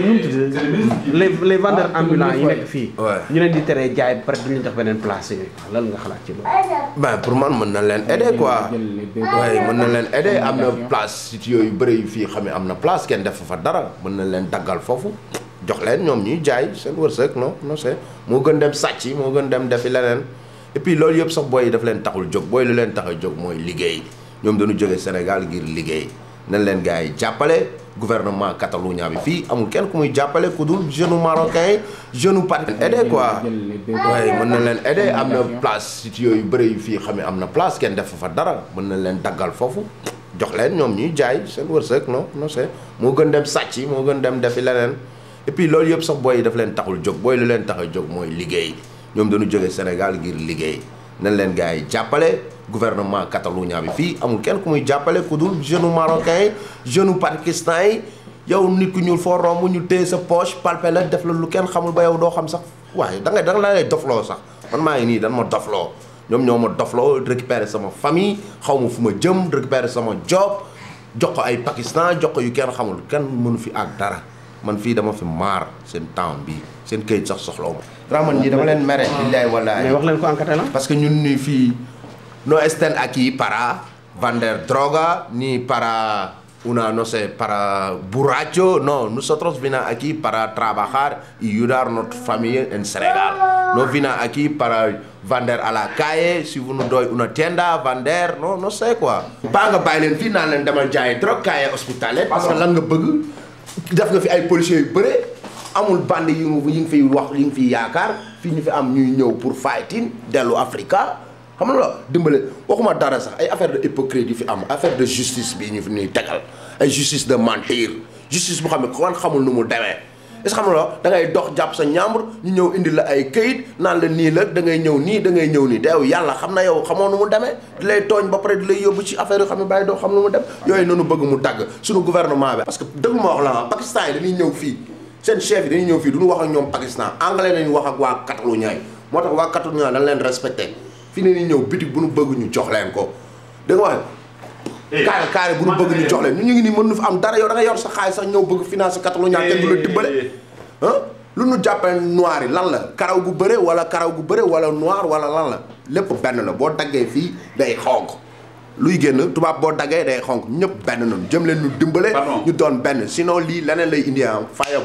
les les vendeurs ah, ambulants yi nekk fii. ñu leen di teree jaay ba pare duñu jox beneen place yooyu lan nga xalaat ci loolu. pour man mën na leen aider quoi waaye mën na leen aider am na place yooyu bëri yu fii xam ne am na place kenn def fa dara mën na leen daggal foofu jox leen ñoom ñuy jaay seen wërsëg non non se moo gën dem sàcc moo gën dem defi leneen et puis loolu yëpp sax booy yi daf leen taxul jóg booy lu leen tax a jóg mooy liggéey ñoom dañu jógee Sénégal ngir liggéey nañ leen gaa yi jàppale. gouvernement Catalunya bi fi amul kenn kumuy jappalé jàppale ku dul jeune marocain yi jeune pat aidé quoi ouais, mën na len aidé amna place sit yooyu bëri yu fii xam ne am place kenn def fa dara mën na len daggal fofu jox len ñom ñuy jaay seen wërseuk non non c'est mo gën dem sàcc mo gën dem def lenen et puis lool yëpp sax booy daf len taxul jog boy lu len tax jog moy mooy liggéey ñoom dañu jogé Sénégal ngir liggéey nañ len gaay jappalé gouvernement Catalunya bi fii amul kenn ku muy jàppale ku dul jeune marocain yi jeune pakistan yi yow nit ku ñuul foo romb ñu téye sa poche palpe def la lu kenn xamul ba yow doo xam sax waaye da ngay da nga lay dofloo sax man maa ngi nii dan ma dofloo ñoom ñoo ma dofloo récupérer sama famille xaw ma fu ma jëm récupérer sama job jox ko ay pakistan jox yu kenn xamul kenn mënu fi ak dara man fii dama fi maar seen temps bi seen këyit sax soxlaw ma. raman ñi dama leen mere. billaay nii fii. no estén aquí para vender droga ni para una, no sé, para borracho. No, nosotros vinimos aquí para trabajar y ayudar a nuestra familia en Senegal. No vinimos aquí para vender a la calle, si uno doy una tienda, vender, no, no sé quoi. Pas eh, nga bàyyi no jaay parce que lan nga y amul bande no fi wax fi fi am ñuy ñew pour fighting delu Africa xam nga la dimbale waxuma dara sax ay affaire de hypocrite yi fi am affaire de justice bi ñu fi ñuy tegal ay justice de mentir justice boo xam ne ko xamul nu mu demee est ce xam nga la da ngay dox jàpp sa ñaambur ñu ñëw indi la ay këyit naan la nii la da ngay ñëw nii da ngay ñëw nii te yow yàlla xam na yow xamoo nu mu demee di lay tooñ ba pare di lay yóbbu ci affaire yoo xam ne bàyyi doo xam nu mu dem yooyu noonu bëgg mu dagg suñu gouvernement bi que dëgg ma wax fii seen chef yi dañuy ñëw fii duñu wax ak ñoom Pakistan anglais dañuy wax ak waa Catalogne moo fi ne ni ñëw bitig bu nu bëgg ñu jox leen ko da nga wax carré eh. bu nu bëgg ñu jox leen ñu ngi nii mën nu fi am dara yow da yor sa xaalis sax ñëw bëgg financé Catalogne kenn du la dimbale eh. lu nu jàppale noir yi lan la karaw gu bëre wala karaw gu bëre wala noir wala lan la lépp benn la boo daggee fii day xonq luy génn tubaab boo daggee day xonk ñëpp benn noonu jëm leen ñu dimbale ñu doon benn sinon lii leneen lay indi am faya